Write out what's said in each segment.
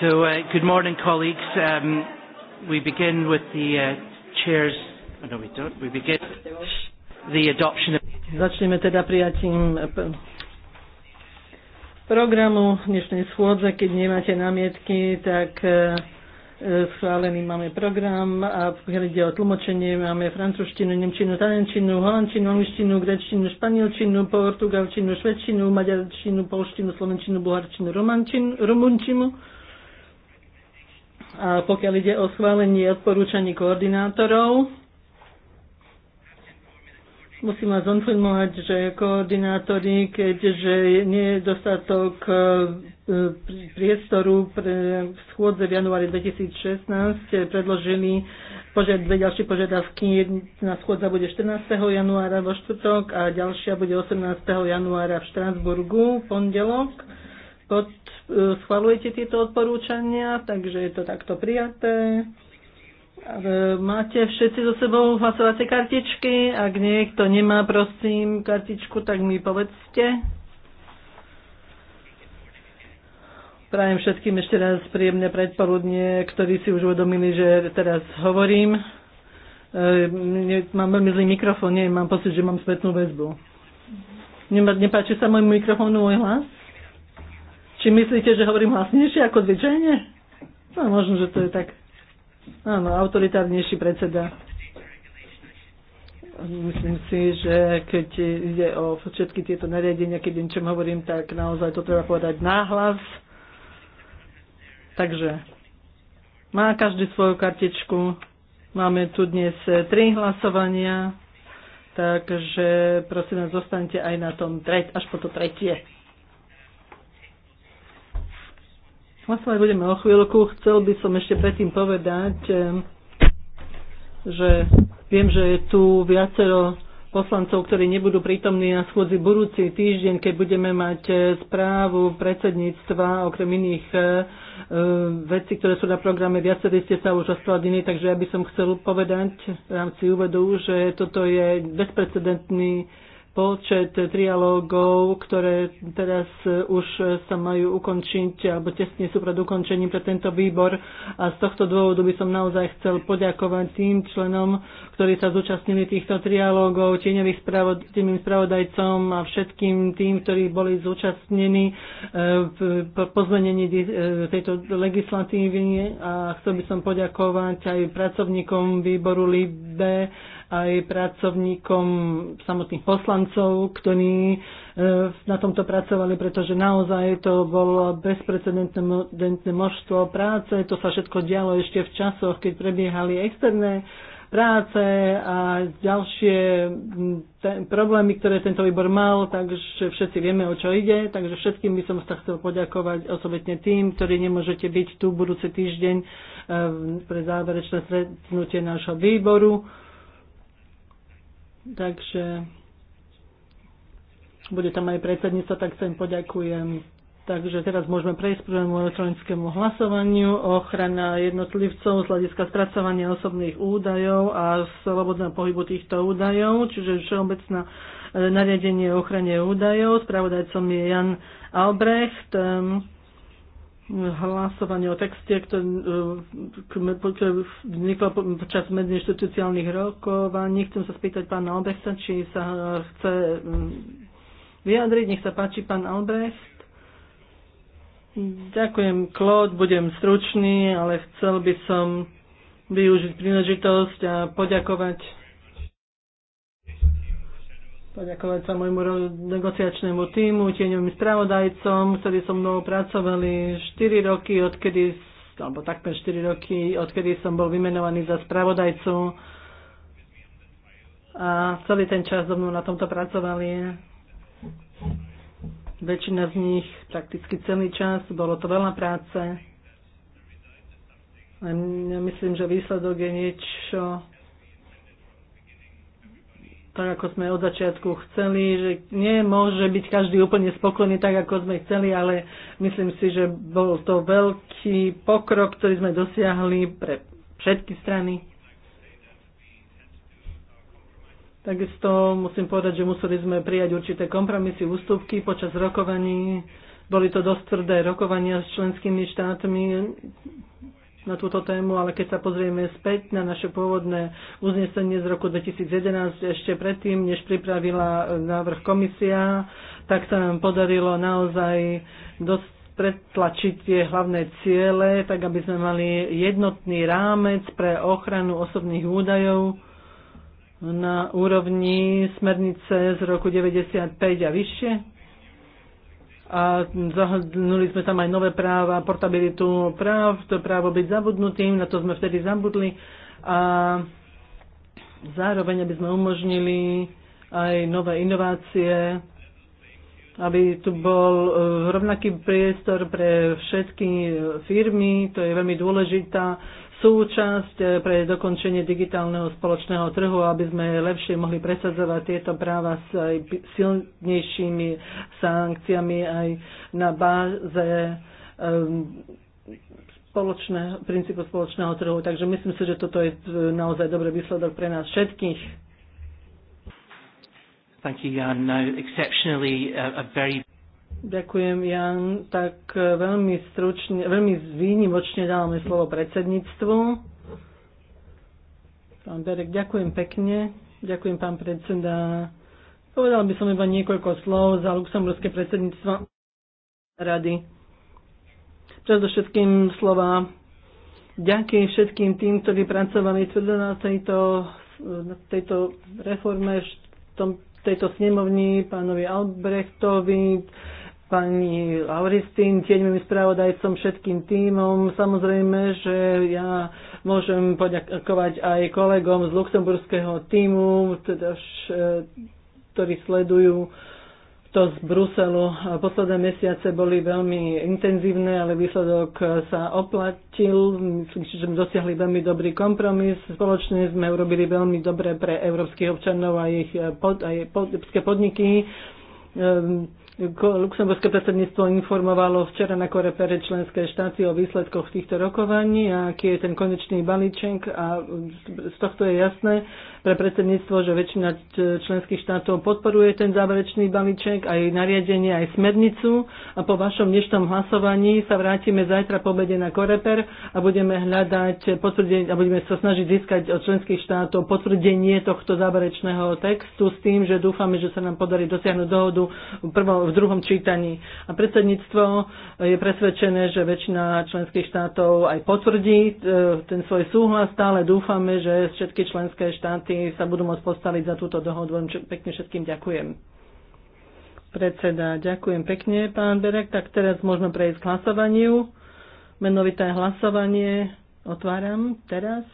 So, uh, good morning, colleagues. Um, we begin with the uh, chairs. Oh, no, we don't. We begin the adoption of. Začneme teda prijatím uh, programu dnešnej schôdze. Keď nemáte námietky, tak uh, uh, schválený máme program a pokiaľ ide o tlmočenie, máme francúzštinu, nemčinu, taliančinu, holandčinu, angličtinu, grečtinu, španielčinu, portugalčinu, švedčinu, maďarčinu, polštinu, slovenčinu, bulharčinu, rumunčinu a pokiaľ ide o schválenie odporúčaní koordinátorov, Musím vás informovať, že koordinátori, keďže nie je dostatok e, priestoru pre schôdze v januári 2016, predložili požiad, dve ďalšie požiadavky. Jedna schôdza bude 14. januára vo štvrtok a ďalšia bude 18. januára v Štrásburgu v pondelok pod, e, schvalujete tieto odporúčania, takže je to takto prijaté. E, máte všetci so sebou hlasovacie kartičky? Ak niekto nemá, prosím, kartičku, tak mi povedzte. Prajem všetkým ešte raz príjemné predporudnie, ktorí si už uvedomili, že teraz hovorím. E, mám veľmi zlý mikrofón, nie, mám pocit, že mám spätnú väzbu. Nepáči sa môj mikrofónu môj hlas? Či myslíte, že hovorím hlasnejšie ako zvyčajne? No možno, že to je tak. Áno, autoritárnejší predseda. Myslím si, že keď ide o všetky tieto nariadenia, keď niečom hovorím, tak naozaj to treba povedať náhlas. Takže má každý svoju kartičku. Máme tu dnes tri hlasovania, takže prosím vás, aj na tom treť, až po to tretie. Hlasovať budeme o chvíľku. Chcel by som ešte predtým povedať, eh, že viem, že je tu viacero poslancov, ktorí nebudú prítomní na schôdzi budúci týždeň, keď budeme mať eh, správu predsedníctva, okrem iných eh, vecí, ktoré sú na programe. Viacerí ste sa už ospravedlnili, takže ja by som chcel povedať v rámci úvedu, že toto je bezprecedentný počet trialógov, ktoré teraz už sa majú ukončiť alebo tesne sú pred ukončením pre tento výbor. A z tohto dôvodu by som naozaj chcel poďakovať tým členom, ktorí sa zúčastnili týchto trialógov, tieňovým spravod- spravodajcom a všetkým tým, ktorí boli zúčastnení e, v pozmenení e, tejto legislatívy. A chcel by som poďakovať aj pracovníkom výboru LIBE, aj pracovníkom samotných poslancov, ktorí e, na tomto pracovali, pretože naozaj to bolo bezprecedentné množstvo práce. To sa všetko dialo ešte v časoch, keď prebiehali externé práce a ďalšie problémy, ktoré tento výbor mal, takže všetci vieme, o čo ide. Takže všetkým by som sa chcel poďakovať osobitne tým, ktorí nemôžete byť tu budúci týždeň e, pre záverečné stretnutie nášho výboru takže bude tam aj predsednica, tak sa im poďakujem. Takže teraz môžeme prejsť prvému elektronickému hlasovaniu. Ochrana jednotlivcov z hľadiska spracovania osobných údajov a slobodného pohybu týchto údajov, čiže všeobecná e, nariadenie o ochrane údajov. Spravodajcom je Jan Albrecht hlasovanie o texte, ktoré e, vzniklo počas medzinstitucionálnych a Chcem sa spýtať pána Albrechta, či sa e, chce mm, vyjadriť. Nech sa páči, pán Albrecht. Ďakujem, Klod, budem stručný, ale chcel by som využiť príležitosť a poďakovať poďakovať sa môjmu negociačnému týmu, tieňovým spravodajcom, ktorí so mnou pracovali 4 roky, odkedy, alebo takmer 4 roky, odkedy som bol vymenovaný za spravodajcu. A celý ten čas so mnou na tomto pracovali. Väčšina z nich, prakticky celý čas, bolo to veľa práce. A ja myslím, že výsledok je niečo, tak ako sme od začiatku chceli, že nemôže byť každý úplne spokojný tak, ako sme chceli, ale myslím si, že bol to veľký pokrok, ktorý sme dosiahli pre všetky strany. Takisto musím povedať, že museli sme prijať určité kompromisy, ústupky počas rokovaní. Boli to dosť tvrdé rokovania s členskými štátmi na túto tému, ale keď sa pozrieme späť na naše pôvodné uznesenie z roku 2011, ešte predtým, než pripravila e, návrh komisia, tak sa nám podarilo naozaj dosť pretlačiť tie hlavné ciele, tak aby sme mali jednotný rámec pre ochranu osobných údajov na úrovni smernice z roku 95 a vyššie a zahodnuli sme tam aj nové práva, portabilitu práv, to právo byť zabudnutým, na to sme vtedy zabudli a zároveň, aby sme umožnili aj nové inovácie, aby tu bol eh, rovnaký priestor pre všetky eh, firmy, to je veľmi dôležitá súčasť e, pre dokončenie digitálneho spoločného trhu, aby sme lepšie mohli presadzovať tieto práva s aj silnejšími sankciami aj na báze um, ehm, spoločného, princípu spoločného trhu. Takže myslím si, že toto je e, naozaj dobrý výsledok pre nás všetkých. Thank you, Jan. Now, exceptionally, a, a very Ďakujem, Jan. Tak e, veľmi stručne, veľmi výnimočne dávame slovo predsedníctvu. Pán Berek, ďakujem pekne. Ďakujem, pán predseda. Povedal by som iba niekoľko slov za luxemburské predsedníctvo rady. všetkým slova ďakujem všetkým tým, ktorí pracovali tvrdo na tejto, na tejto reforme, v tom, tejto snemovni, pánovi Albrechtovi, pani Lauristín, tieňovým spravodajcom, všetkým týmom. Samozrejme, že ja môžem poďakovať aj kolegom z luxemburského týmu, teda ktorí sledujú to z Bruselu. Posledné mesiace boli veľmi intenzívne, ale výsledok sa oplatil. Myslím, že sme dosiahli veľmi dobrý kompromis. Spoločne sme urobili veľmi dobre pre európskych občanov a ich pod, aj pod, podniky. Ehm, Luxemburské predsedníctvo informovalo včera na korepere členské štáty o výsledkoch týchto rokovaní a aký je ten konečný balíček a z tohto je jasné, pre predsedníctvo, že väčšina členských štátov podporuje ten záverečný balíček, aj nariadenie, aj smernicu. A po vašom dnešnom hlasovaní sa vrátime zajtra po obede na Koreper a budeme hľadať potvrdenie, a budeme sa snažiť získať od členských štátov potvrdenie tohto záverečného textu s tým, že dúfame, že sa nám podarí dosiahnuť dohodu v, prvom, v druhom čítaní. A predsedníctvo je presvedčené, že väčšina členských štátov aj potvrdí e, ten svoj súhlas. Stále dúfame, že všetky členské štáty sa budú môcť postaviť za túto dohodu. Vám pekne všetkým ďakujem. Predseda, ďakujem pekne, pán Berek. Tak teraz môžeme prejsť k hlasovaniu. Menovité hlasovanie otváram teraz.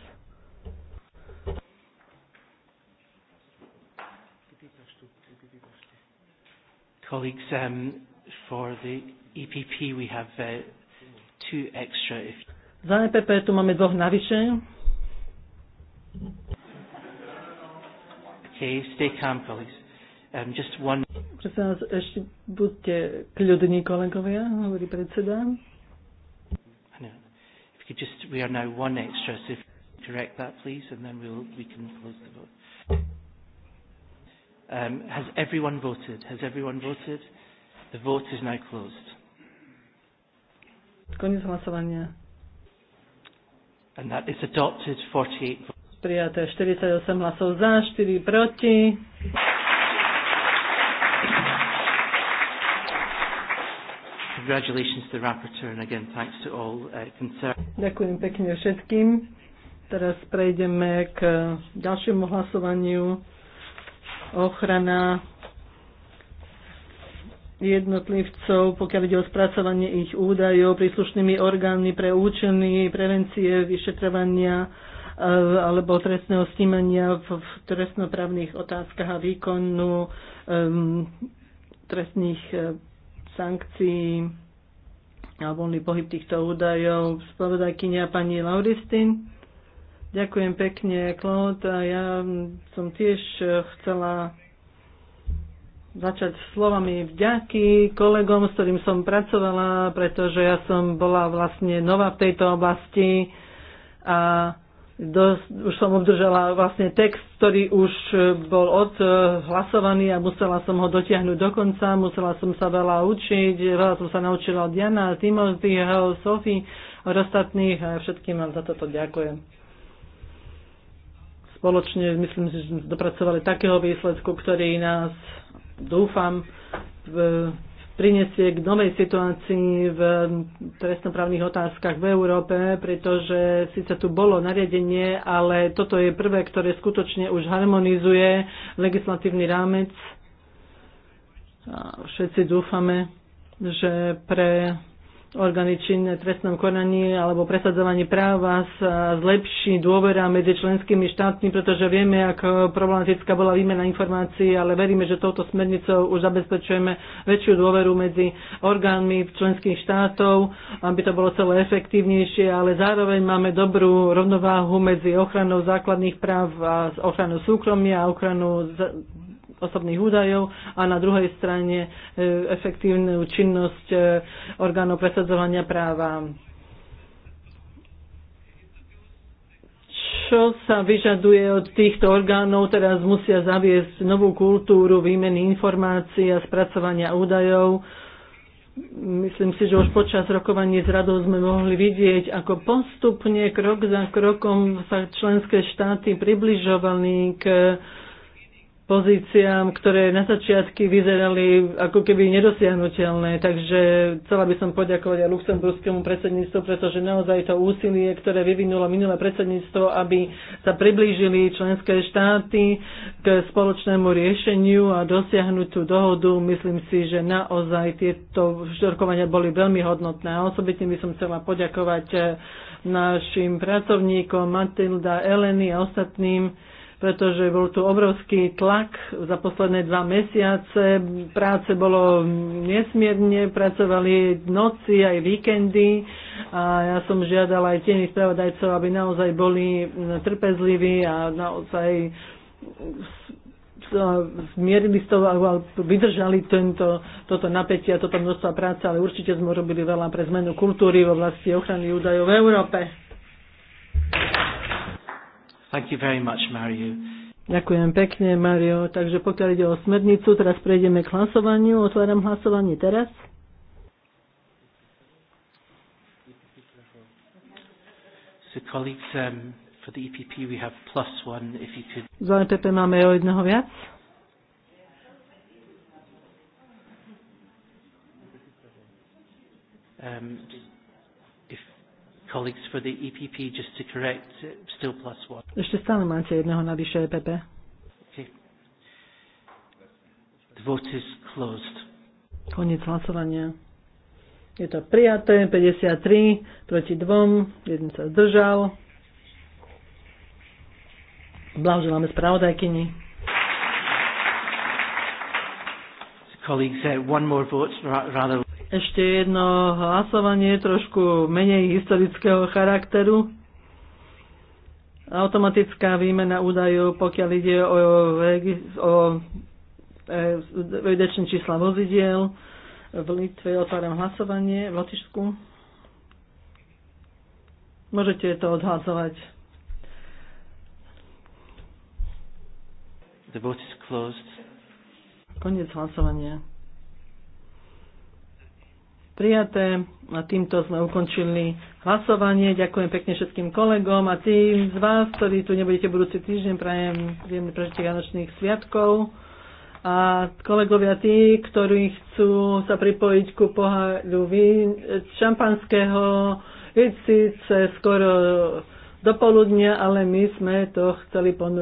Colleagues, um, for the EPP we have uh, two extra. If... Za EPP tu máme dvoch navyše. Okay, stay calm, colleagues. Um, just one... Prosím vás, ešte buďte kľudní, kolegovia, hovorí predseda. If you just, we are now one extra, so if you correct that, please, and then we'll, we can close the vote. Um, has everyone voted? Has everyone voted? The vote is now closed. Koniec hlasovania. And that is adopted 48 prijaté 48 hlasov za, 4 proti. Congratulations to rapporteur and again thanks to all uh, concerned. Ďakujem pekne všetkým. Teraz prejdeme k ďalšiemu hlasovaniu. Ochrana jednotlivcov, pokiaľ ide o spracovanie ich údajov príslušnými orgánmi pre účely prevencie, vyšetrovania Eh, alebo trestného stímania v trestnoprávnych otázkach a výkonu trestných eh, sankcií a voľný pohyb týchto údajov. Spravodajkynia pani Lauristin. Ďakujem pekne, Claude. A ja som tiež eh, chcela začať slovami vďaky kolegom, s ktorým som pracovala, pretože ja som bola vlastne nová v tejto oblasti a dosť, už som obdržala vlastne text, ktorý už e, bol odhlasovaný a musela som ho dotiahnuť do konca, musela som sa veľa učiť, veľa som sa naučila od Jana, Timothyho, Sophie, od ostatných a všetkým vám za toto ďakujem. Spoločne myslím, že sme dopracovali takého výsledku, ktorý nás, dúfam, v prinesie k novej situácii v trestnoprávnych otázkach v Európe, pretože síce tu bolo nariadenie, ale toto je prvé, ktoré skutočne už harmonizuje legislatívny rámec. Všetci dúfame, že pre orgány činné trestnom konaní alebo presadzovaní práva sa zlepší dôvera medzi členskými štátmi, pretože vieme, ako problematická bola výmena informácií, ale veríme, že touto smernicou už zabezpečujeme väčšiu dôveru medzi orgánmi členských štátov, aby to bolo celé efektívnejšie, ale zároveň máme dobrú rovnováhu medzi ochranou základných práv a ochranou súkromia a ochranou osobných údajov a na druhej strane e, efektívnu činnosť e, orgánov presadzovania práva. čo sa vyžaduje od týchto orgánov, teraz musia zaviesť novú kultúru výmeny informácií a spracovania údajov. Myslím si, že už počas rokovania s radou sme mohli vidieť, ako postupne, krok za krokom sa členské štáty približovali k pozíciám, ktoré na začiatky vyzerali ako keby nedosiahnutelné. Takže chcela by som poďakovať aj luxemburskému predsedníctvu, pretože naozaj to úsilie, ktoré vyvinulo minulé predsedníctvo, aby sa priblížili členské štáty k spoločnému riešeniu a dosiahnuť tú dohodu, myslím si, že naozaj tieto štorkovania boli veľmi hodnotné. A osobitne by som chcela poďakovať našim pracovníkom Matilda, Eleny a ostatným, pretože bol tu obrovský tlak za posledné dva mesiace. Práce bolo nesmierne, pracovali noci aj víkendy a ja som žiadala aj tieni spravodajcov, aby naozaj boli trpezliví a naozaj zmierili s toho vydržali tento, toto napätie a toto množstvo práce, ale určite sme robili veľa pre zmenu kultúry v oblasti ochrany údajov v Európe. Thank you very much, Mario. Ďakujem pekne, Mario. Takže pokiaľ ide o smernicu, teraz prejdeme k hlasovaniu. Otváram hlasovanie teraz. So um, for the EPP we have plus one, if you could... Za EPP máme o jedného viac. Um, colleagues for the EPP just to correct, uh, still plus one. Ešte stále máte jedného navyše EPP. Okay. The vote is closed. Koniec hlasovania. Je to prijaté, 53 proti 2, jeden sa zdržal. Blahoželáme spravodajkyni. Colleagues, uh, one more vote rather ešte jedno hlasovanie trošku menej historického charakteru. Automatická výmena údajov, pokiaľ ide o, o e, vedečné čísla vozidiel. V Litve otváram hlasovanie, v Lotyšsku. Môžete to odhlasovať. The vote is closed. Konec hlasovania prijaté. A týmto sme ukončili hlasovanie. Ďakujem pekne všetkým kolegom a tým z vás, ktorí tu nebudete budúci týždeň, prajem príjemný prežitie Vianočných sviatkov. A kolegovia tí, ktorí chcú sa pripojiť ku poháru šampanského, je síce skoro do poludnia, ale my sme to chceli ponúknuť.